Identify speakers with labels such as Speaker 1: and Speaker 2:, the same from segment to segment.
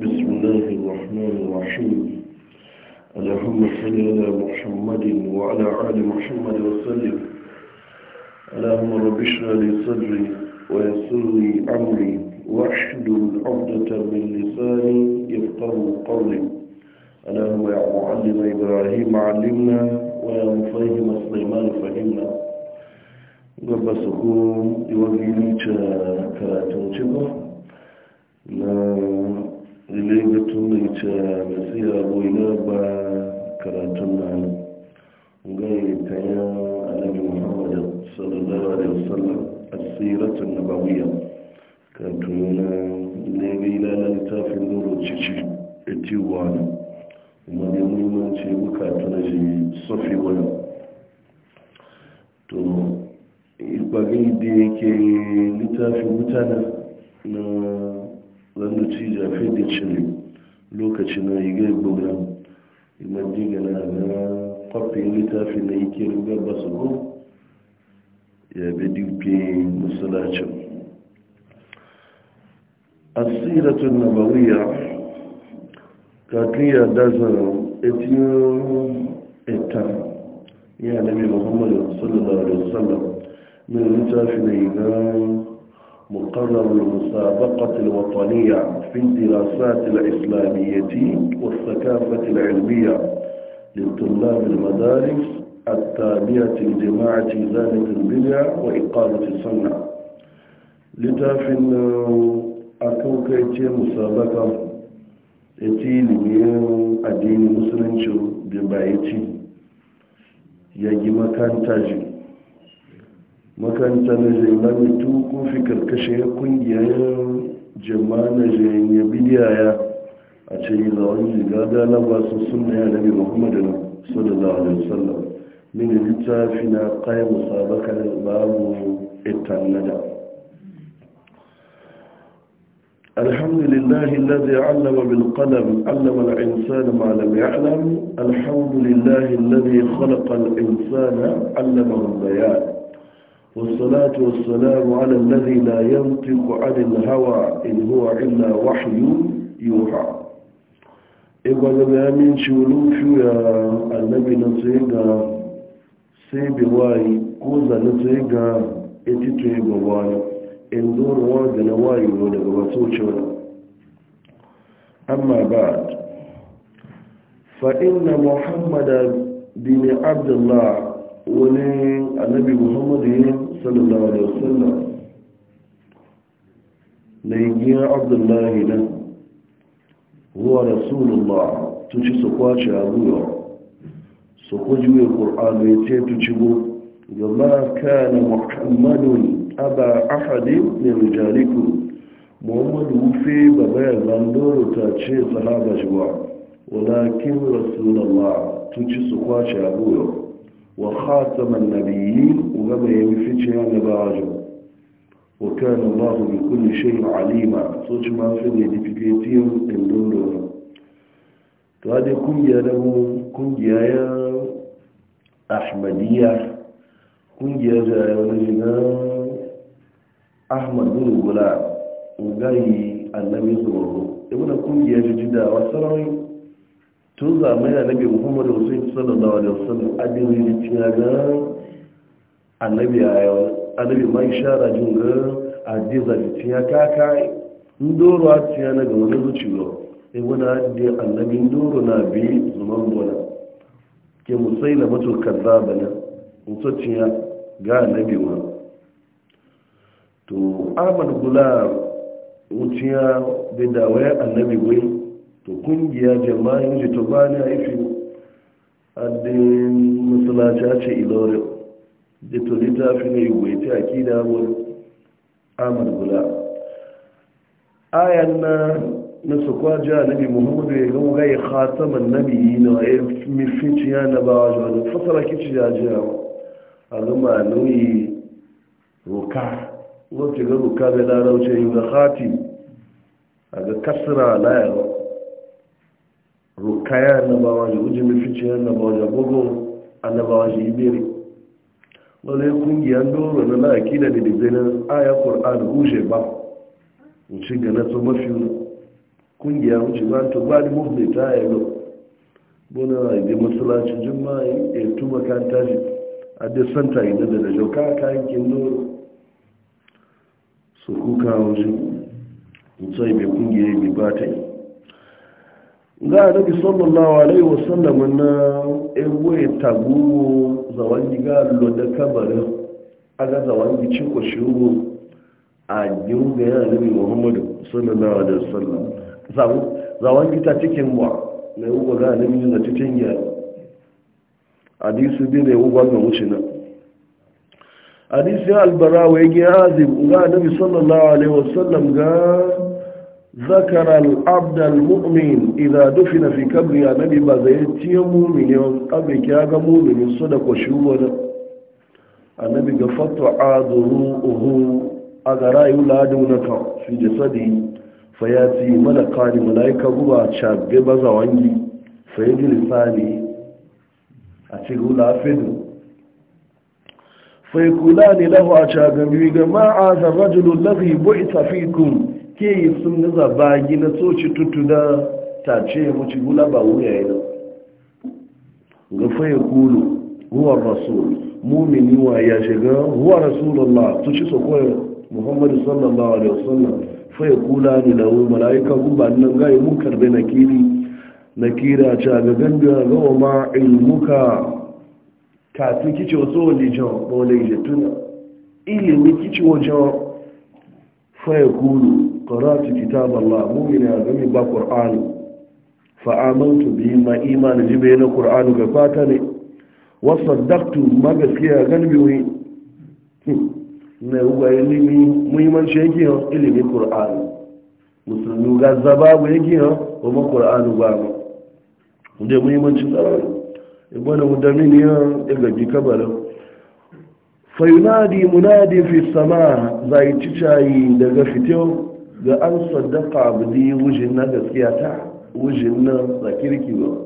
Speaker 1: بسم الله الرحمن الرحيم اللهم صل على محمد وعلى آل محمد وسلم اللهم رب اشرح لي صدري ويسر لي أمري واحشد العبدة من لساني يفقه قولي اللهم يا معلم إبراهيم علمنا ويا مفهم سليمان فهمنا gaba su ko iwagili ta na ilai batun da ita nasiya boina ba karatun na gai kayan annabi muhammad sallallahu alaihi wasallam asiratun nabawiya karatu na ilai na littafin nuru cici etiwa na kuma da muhimmanci bukatu na shi sofi wani to ikwagin da yake littafin mutane na wanda ci jafi da cire lokaci na yi gai gura imanji gana na kwafin littafi na ike ruga ba su ya bi dupe musulacin asiratun nabawiya katun ya dazan etiyon eta ya nabi muhammadu sallallahu alaihi wasallam min littafi na yi مقرر المسابقة الوطنية في الدراسات الإسلامية والثقافة العلمية للطلاب المدارس التابعة لجماعة إزالة البدع وإقامة السنة لتافن أكوكيتي مسابقة إتي لبيان الدين شو ببعيتي يجي مكان تاجي makanta na jimani tuku fi karkashin kungiyar jama'a na jami'a bidiyaya a ce yi zawon jiga galaba su suna ya nabi muhammadin sallallahu alaihi wasallam min littafi na kayan musabaka da babu itanada الحمد لله الذي علم بالقلم علم الإنسان ما لم يعلم الحمد لله الذي خلق الإنسان علمه البيان والصلاة والسلام على الذي لا ينطق عن الهوى إن هو إلا وحي يوحى إقوال بأمين شولو فيا النبي نصيقا سيبي واي كوزا نصيقا إتتوه بواي إن دور واغن واي ونغبطوشنا أما بعد فإن محمد بن عبد الله wani annabi muhammadu ne sallallahu alaihi wasallam na igiyar abdullahi nan ruwa ba tun ci su kwace a ruwa su kujiwe ƙur'anu ya ce tun ci bu ka na muhammadun aba ahadi ne rijaliku muhammadu wufe ba bayan zandoro ta ce sahaba shi ba walakin rasulullah tun ci su kwace a ruwa وخاتم النبيين وما يمفتش يعني باعجب وكان الله بكل شيء عليما سوش ما في الديبيتيم اندولو تادي كم يا له كم يا يا احمديه كم يا ده ونجنا احمد بن غلام وغاي النبي صلى الله عليه وسلم يقول كم يا جدا وسلام tun zamai da nabi muhammadu wasu sallallahu alaihi wasallam adin yi cikin ga annabi a yau annabi ma ishara jin ga adin zafi cikin kaka ndoro a cikin na ga wani zuciyo sai wani adin annabi ndoro na bi zuman bona ke musai na mutu kaza bana mutuciya ga annabi ma to ahmad gulam wuciya da dawayar annabi wai to kungiya jama'in ji to ba ni haifi addin musulaci ce ilorin da to fi ne yuwaiti a kida wani amur gula ayan na na su kwaji nabi muhammadu ya ga wuga khataman nabi yi na waye mifici ya na bawa jihar fasara kici ya jiya a zama nauyi roka wacce ga roka bai larauce yi ga khatim a ga kasira layarwa rukaya annabawa ji ujimin fice annabawa ji agogon annabawa ji ibere wale kungiyar doro na la'aki da didibenin aya ƙor'an huje ba wuce ga na to mafi kungiya wuce ba to ba e da mafi ta yi ba buna ibi matsalaci jima'i ya tuma makanta tashi a da santa yi da da jauka ka yankin doro su kuka wuce mutsai mai kungiyar ibi ba ta yi ga annabi sallallahu alaihi wasallam na ewe tagu zawangi ga loda kabarin aga zawangi ciko shuru a yunga ya annabi muhammadu sallallahu alaihi wasallam zawangi ta cikin wa na yugo ga annabi na cikin ya hadisi bi ne yugo ga wucina hadisi albarawa yake azib ga annabi sallallahu alaihi wasallam ga ذكر العبد المؤمن إذا دفن في قبر يا نبي بزيتي مؤمن يوم قبر كياغا مؤمن صدق وشوبنا النبي قفت عاذروه أغرى يولادونك في جسده فياتي ملقان ملائكة هو شاب وانجي فيجي لساني أتقول أفده فيقولان له أشاغم ما عاذ الرجل الذي بعث فيكم ke yi sun ba zabagi na tsoci tutu na tace ya muci gula ba wuya yi yana gafa ya kulu huwar rasu mumini wa ya shiga rasu lalla su ci so kawai muhammadu sallallahu alaihi wasallam fa ya kula ni na wu malaika gumba nan ga yi munkar bai nakiri a ta ga ganga ga wa ma ilmuka ka tun kici wasu wajen ba wale je tuna ilimin kici wajen fa ya kulu qara'tu kitab Allah mu'mina gami ba Qur'an fa amantu ma iman jibe na Qur'an ga fata ne wa saddaqtu ma gaskiya gan biwi ne uwa ilimi muhimmanci yake ilimi Qur'an musulmi ga zababu yake yo kuma Qur'an ba mu muhimmanci tsara ibana mudamin ya daga gikabarin fayunadi munadi fi sama zai cicayi daga fito ga an saddaka yi wujin na gaskiya ta wujin na tsakirki ba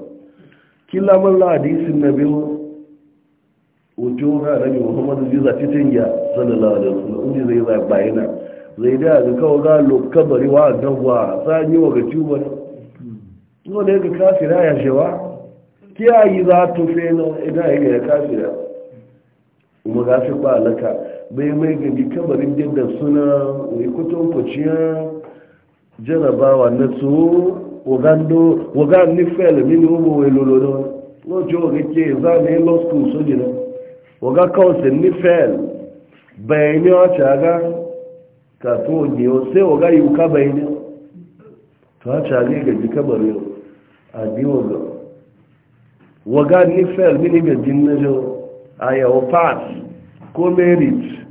Speaker 1: kila man la na biyu wato ga rabi muhammadu zai zafi tinga sallallahu alaihi wasallam inda zai zai bayana zai da ga kawo ga lokabari wa gaba a yi wa ga tuba no ne ga kafira ya shewa kiyayi za to fe no idan ya kafira kuma ga fi ba alaka bai mai gabi kabarin dinda suna wai kutun kuciya jarabawa na su wagando wagan mini umu wai lolodo no jo rike za ne law school so jina waga kawse ni fele bayani o chaga ka to ni o waga yi ka bayani to a chaga gabi kabarin a biyo ga waga ni fele mini gajin na jo aya o pass ko merit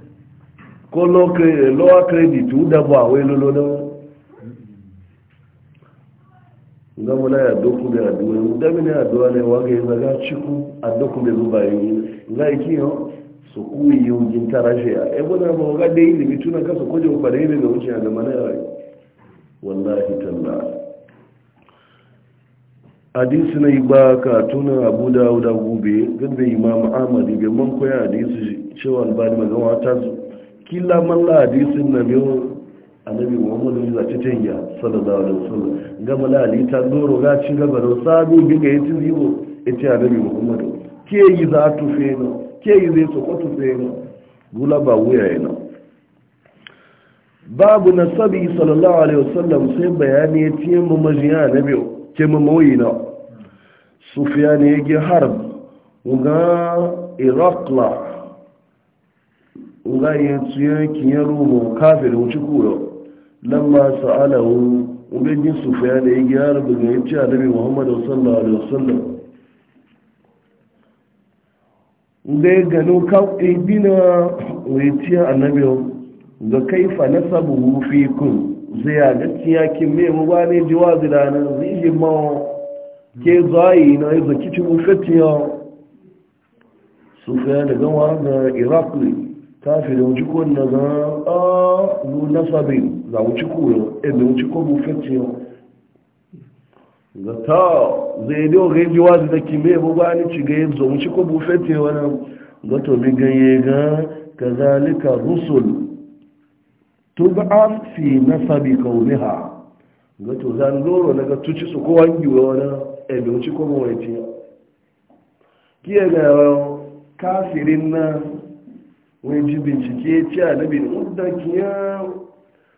Speaker 1: ko lower kredit, wuda ba wai lolo na gama na ya doku da aduwa yi dami na aduwa ne waga yi zaga ciku a doku da zuba yi ga iki yau su kuyi yi wujin tara shi a ebe na ba waga da yi da bitu na kasa kwaje ba da yi ne daga wuce a gama na yawai wallahi talla hadisi na ba ka tuna abu da gobe gabbe imam ahmad bai man koya hadisi cewa albani magana ta kila malla hadisin na biyu nabi muhammadu ya zaci tenya sallallahu alaihi wasallam gama la ta doro ga cin gaba da sabu bi ga yatin zibo yace nabi muhammadu ke yi za tu feno ke yi zai soko tufe feno gula ba wuya yana babu nasabi sallallahu alaihi wasallam sai bayani ya ce mu majiya na biyu ke mu mawuyi na sufiya ne ya gi harb ga irakla nga yi tsuye kinye rumu kafin wuce kuro lamma sa'alahu ubangin sufiya da ya gyara daga ya ce annabi muhammad sallallahu alaihi wasallam da ya gano kawai bina waiti annabi ga kaifa na sabu rufi kun zai ya ga tiyakin mai mu ba ne jiwa ziranin zai yi mawa ke zai na yi zaki ci mu fatiya sufiya da gama ga iraq ne kafin wuce ko na za a na sabi za wuce ko yau ebe wuce ko bu yau ga ta zai ne ga yi wazi da kime bu ba ni ci ga yi zo wuce ko bu fete wani ga to bi ganye ga kazalika rusul tub'an fi nasabi qawmiha ga to zan doro daga tuci su ko wangi wani ebe wuce ko bu wani ci kiyaga kafirin na wai ji bincike a nabi da mudan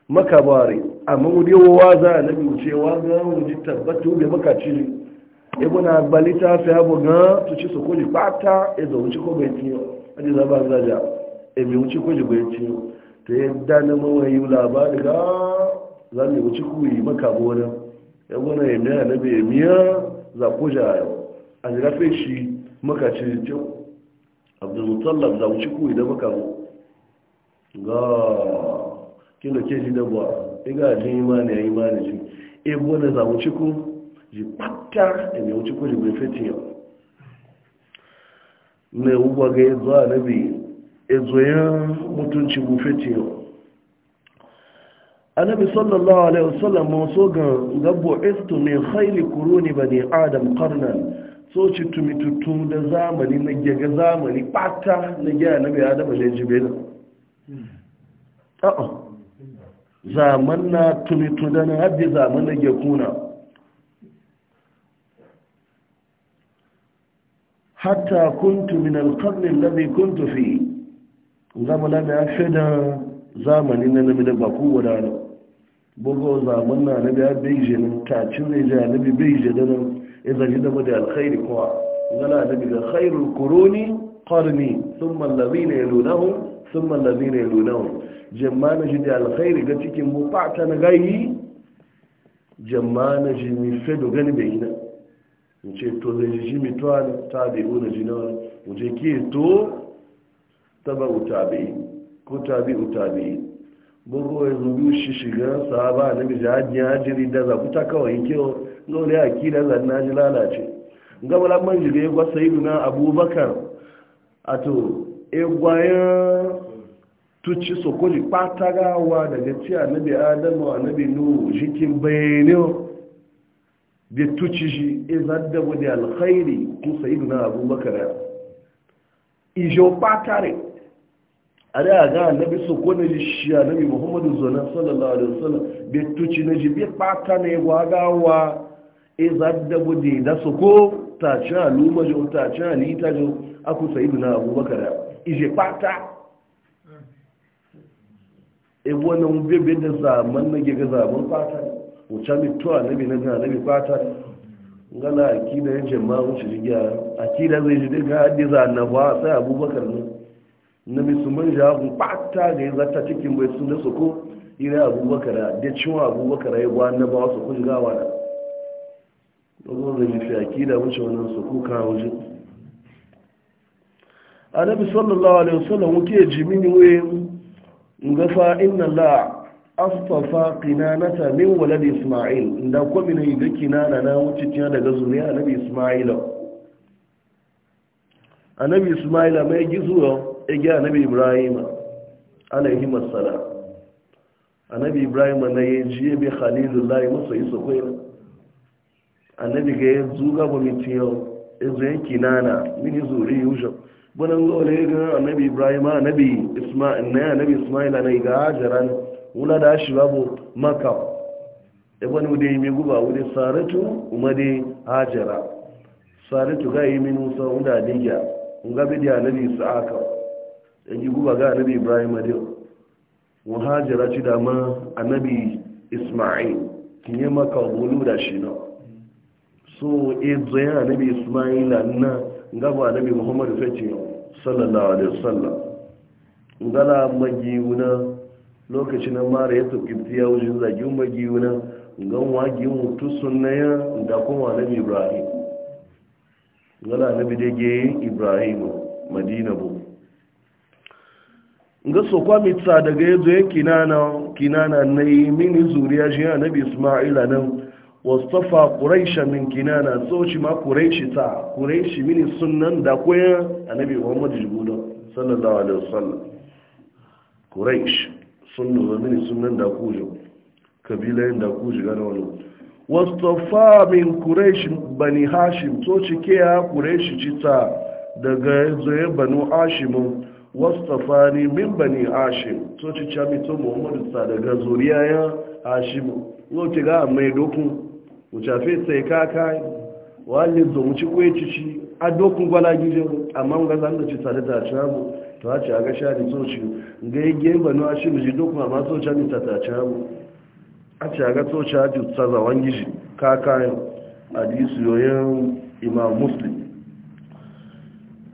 Speaker 1: maka bari amma mu wawa wa za annabi ce wa ga mu ji tabbatu be maka ci na agbalita fi abu ga su ci soko kuli fata ya zo wuce ko tiyo a za zaba zaja e mi wuce kuli bai tiyo ta yadda na mawayi labari ga za mu wuce kuli yi bori ya gwana ya miya na bai miya za ku ja a jirafe shi makaci jau abdulmutallab za mu ci kuwa idan maka ga kina da ke ji da buwa iga ji imani ya imani ji ebo na za mu ci ku ji kwata da mai wuce ku ji bai fetin yau mai wuwa ga ya zuwa na bi ezoyen mutunci mu fetin yau annabi sallallahu alaihi wasallam so ga gabo istu min khayli kuruni bani adam qarnan soci tumitutu da zamani na gyaga zamani ɓata na gyara na biya da bale jibe na a'a zaman na tumitu da na hajji zaman na gyakuna hatta kuntu min alƙarnin labi kuntu fi zama na biya fi da zamani na nabi da baku wadana bugu zaman na na biya beijing tacin zai bai nabi beijing da nan idan yi zama da alkhairi kowa gana da daga khairul kuruni qarni thumma allazina yalunahum thumma allazina yalunahum jama'a shi da alkhairi ga cikin mu fata na gayi jama'a shi mi fedo gani bai yi na mu ce to zai ji shi mi to an ta da yuna ji na mu ce ki to taba utabi ko tabi utabi bugu ya zubi shi shiga sahaba na bi jihadi ya jiri da ta kawai kyau dole a kira zanna ji lalace gabala man jiga ya gwasa yi na abubakar a to ya gwaya tuci sokoli gawa daga ci annabi adamu annabi nu jikin bayaniyo da tuci shi izaddabu da alkhairi kusa yi na abubakar ya ijo patare a da ga annabi sokoli shi annabi muhammadu zonar sallallahu alaihi wasallam da tuci na jibi patane gwagawa izadda budi da su ko ta ci aluma jo ta ci alita jo aku sayyidu na abubakar ije pata e wannan bebe da zaman na gega zaman pata wuce mituwa na bi na gana na bi pata ngana akida ya jama'a ma wuce jigiya akida zai ji daga hadiza na ba sai abubakar ne na su su ja ku pata ga zata cikin bai sun da su ko ire abubakar da ciwon abubakar ya gwa na ba su kun gawa da. dogon zai mafi akida wuce wannan su kuka waje annabi sallallahu alaihi wasallam wuke jimini we ga fa inna la astafa qinanata min walad isma'il da ko min yi kinana na wuce tiya daga zuriya annabi isma'il annabi isma'il mai gizuwa ege annabi ibrahim alaihi assalam annabi ibrahim na yaji bi khalilullahi musa isa koyar annabi ga yanzu ba miti yau yanzu yanki nana mini zuri yusha bunan ga ga annabi ibrahim annabi isma'il na annabi isma'il na ga hajaran wula da shi babu maka ibn wude mi guba wude saratu umade hajara saratu ga yi min musa wanda diga nga bi da annabi sa'aka yi guba ga annabi ibrahim da wa hajara ci da ma annabi isma'il kinye maka wulu da shi na so ezo eh, ya nabi ismaila na gaba nabi muhammad fece sallallahu alaihi wasallam ngala magiwuna lokacin mara ya tukibti ya wujin zagi magiuna ngan wagi mutu sunnaya da kuma nabi ibrahim ngala nabi dege ibrahim madina bu ga so kwa mitsa daga yazo ya kinana kinana nayi mini zuriya shi nabi ismaila nan wastafa quraisha min kinana so shi ma quraishi ta quraishi mini sunnan da koya annabi muhammad jibudo sallallahu alaihi wasallam quraish sunnu wa mini sunnan da kujo da kujo gana wani wastafa min quraish bani hashim so ke ya quraishi cita daga zoye banu hashim wastafa ni min bani hashim so shi to daga mucafe sai kaka wale zo mu ci kwe ci ci a dokun gwala gijin amma ga zan da ci tare da camu to a ci a ga shari so ci ga yi gemba no a shi mu ji dokun amma so ci ni ta ta a ci a ga so ci a ji tsazawan gishi a muslim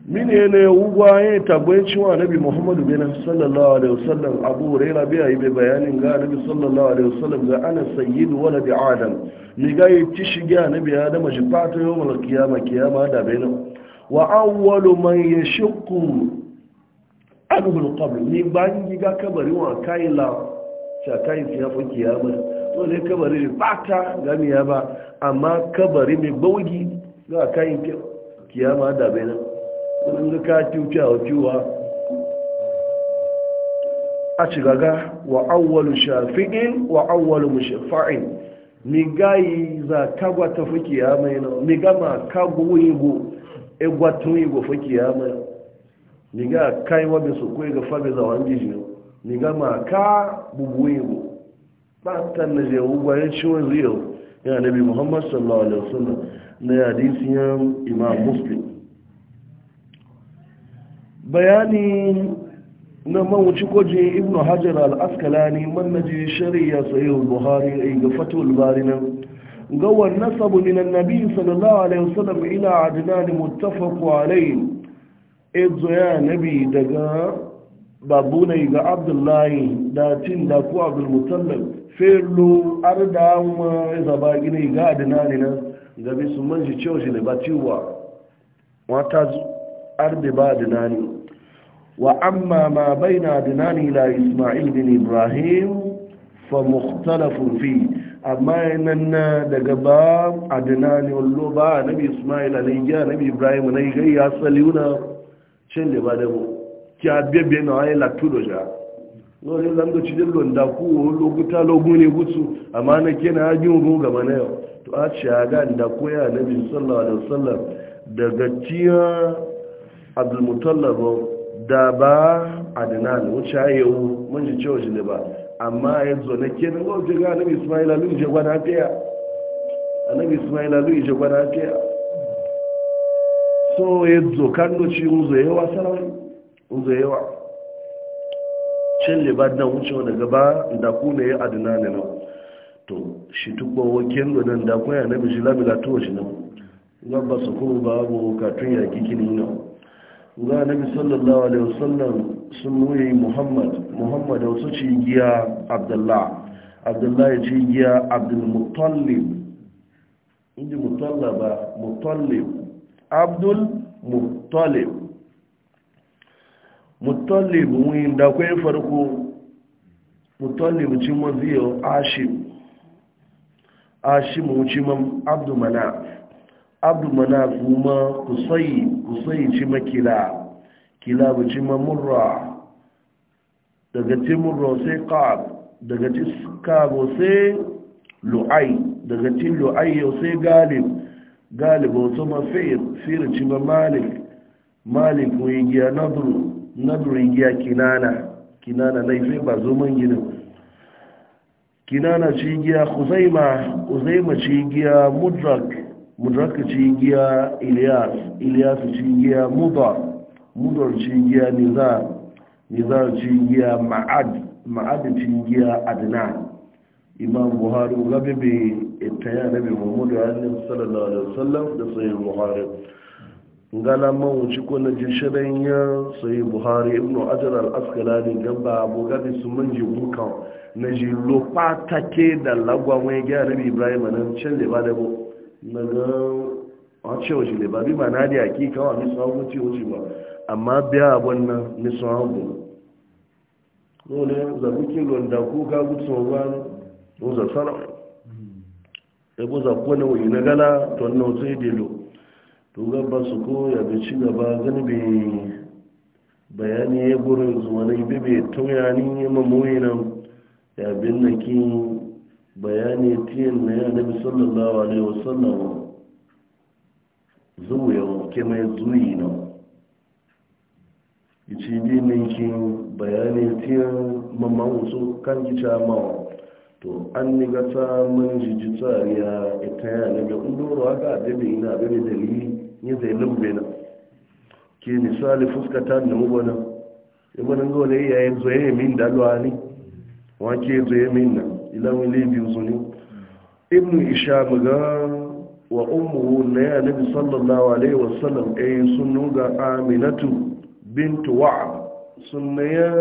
Speaker 1: mini ne wugwa ya tabbai cewa nabi muhammadu bin sallallahu alaihi wasallam abu raira biya yi bai bayanin ga nabi sallallahu alaihi wasallam ga ana sayyidu wala bi adam mi ga yi ci shige nabi adam shi fata yau mal kiyama kiyama da bai nan wa awwalu man yashqu abul qabr ni ban yi ga kabari wa kai la cha kai ya fa kiyama to ne kabari fata ga mi ya ba amma kabari mai baugi ga kai kiyama da bai nan sun ka tiwuce a tiwa a cigaga wa awwalu shafi'in wa awwalu mushafa'in mi gayi za kagwa ta fuki ya mai na mi gama kagwo igbo egwatun igbo fuki ya mai mi ga kai wa bi su kwe ga fabi za wani jiji mi gama ka bubu igbo ba ta na je ugwayen ciwon ziyo ya nabi muhammad sallallahu alaihi wasallam na hadisin imam muslim bayani na mawuci kwaje ibn hajar al'askalani mannaji shari'a sayo buhari a ga fatul bari nan ga wannan sabu min nabi sallallahu alaihi wasallam ila adnan muttafaq alayhi ezo ya nabi daga babuna ga abdullahi da tin da ku abdul mutallab fello arda ma zaba gine ga adnan nan ga bisu manji cewa shi ne ciwa wata ardi ba dinani wa amma ma baina dinani ila isma'il bin ibrahim fa mukhtalafun fi amma nan daga ba adinani wallo ba nabi isma'il alayhi nabi ibrahim ne gai ya saliuna cin da ba da mu kya bebe na ayi latudo ja no ne zan do cidin londa ku lokuta logune gutsu amma na kena hajin ru gaba na yau to a ci ga da koya nabi sallallahu alaihi wasallam daga tiya abdulmutallab da ba adnan wuce yau mun ji cewa shi ne ba amma zo na ke nan wajen ga anabi ismaila lu ije gwada fiya anabi ismaila lu ije gwada fiya so yanzu kan doci unzo yawa sarari unzo yawa cin liban nan wuce wani gaba da ku ne adnan ne to shi tukwa wakil da nan da ku ya annabi shi labila to shi nan gaba su kuma babu katun yaki kini nan ga nabi sallallahu alaihi wasallam sun muye muhammad muhammad wasu ci giya abdullah abdullah ya ci giya abdulmutallib inji mutallaba mutallib abdul mutallib mutallib mun da kwai farko mutallib ci maziyo ashim ashim wuce ci mam abdul manaf abu mana kuma kusayi kusayi ci makila bu ci mamurra daga ci murra sai qab daga ci kabo sai lu'ai daga ci lu'ai sai galib galib wato mafir fir ci ma malik malik ko yiya nadru nadru yiya kinana kinana sai ba zo gina kinana ci yiya khuzaima khuzaima ci yiya mudrak mudraka cigiya ilyas cikin giya mudar mudar giya nizar nizar giya ma'ad ma'ad giya adnan imam buhari gabe bai ittaya nabi muhammadu alayhi sallallahu alaihi wasallam da sahih buhari ngala mawuci ko na jishirin ya sahih buhari ibn ajr al-asqalani gamba abu gadi su ji bukan na ji lopatake da lagwa mai gya nabi ibrahim nan can da ba da bu daga ga a ne ba bi ma na da yaki kawo mi sun hagu ce wuce ba amma biya abin nan mi sun hagu dole zabi ke da ko ka gutsu ba ko za ebo za ko wuyi na gala to na sai delo to gaba su ko ya bi ci gaba gani bi bayani ya gurin zuwa na ibe bai tauya ni mamoyi nan ya bin na bayani tiyan na ya nabi sallallahu alaihi wasallam zuwa yau ke mai zuyi na ici bi mai kin bayani tiyan mamma wasu kan gica mawa to an ni ga mun jiji tsariya ita ya nabi undoro haka abin ina abin dalili ne zai lubbe na ke misali fuskata da mubana ibanin gole yayin zoye min dalwani wake zoye min nan ilawin libya zuni ibn isha ga wa umuru na ya nabi sallallahu alaihi wasallam ɗayin sun nuga aminatu bintu wa'ab sun na ya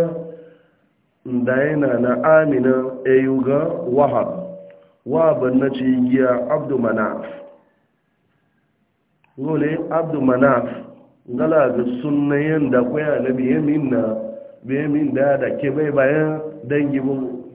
Speaker 1: dayana na amina ɗayu ga wahab wahaban na cigiya abdu manaf gole abdu manaf gala ga sunnayen da kwaya na biyamin da da ke bai bayan dangi bu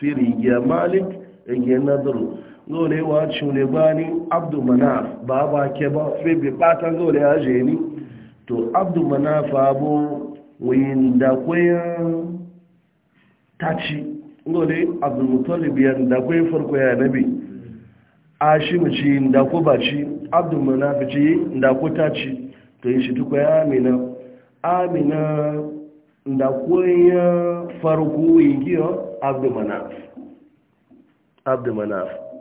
Speaker 1: firi giya malik giya nadaru zole wa cune bani abdu manaf ba ba ke ba febe batan zole ya je ni to abdu manaf abu wayin da kwayan taci zole abdu mutalib ya da kwayan farko ya nabi ashimu ci da ku baci abdu manaf ci da ku taci to yi shi tukwaya amina amina da kwayan farko yi giya abdu manaf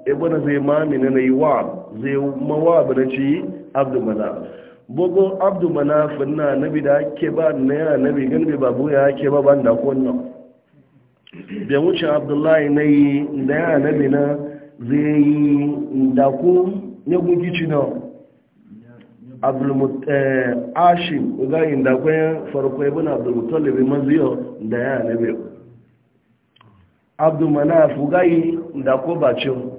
Speaker 1: ibn zai mami na yi wa zai mawab na ci abdu manaf abdu na nabi da ake ba na ya nabi ganbe babu ya ake ba ban da kunna bai wuce abdullahi na yi da ya nabi na zai yi eh, ya gugici na ashim ga farko maziyo da ya nabi abdu manafu gai da ko bacin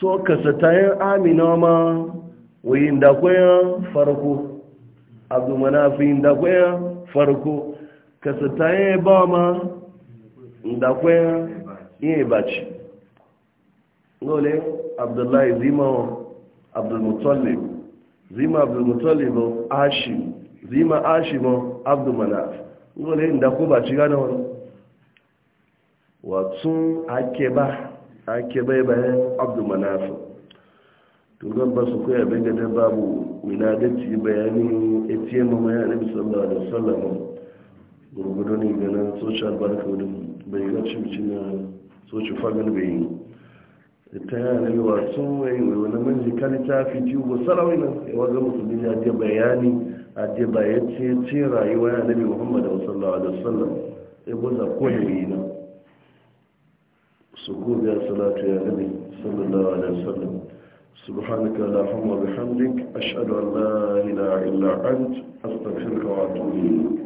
Speaker 1: so kasatayen amina ma wayin da kwayan farko abdu yi yin da kwayan farko kasatayen ba ma da kwayan ihe baci gole abdullahi zima abdulmutallib zima abdulmutallib ashim zima ashim abdu manaf gole da ko baci gane wani wato ake ba ake bai bayan abdu manafi turan ba su koya bai gada babu minadaci bayanin atm ma ya nabi sallallahu alaihi wasallam gurgudu ne ganin social bank wadin bai ga cimci na social fagal bai yi ta yi alayi watsun wai wani manji kalita fiti ko sarawai nan ya waga musulmi ya je bayani a je bayan ce rayuwa ya nabi muhammadu sallallahu alaihi wasallam ya buza kodewi nan سكوب يا صلاة يا نبي صلى الله عليه وسلم سبحانك اللهم وبحمدك أشهد أن لا إله إلا أنت أستغفرك وأتوب إليك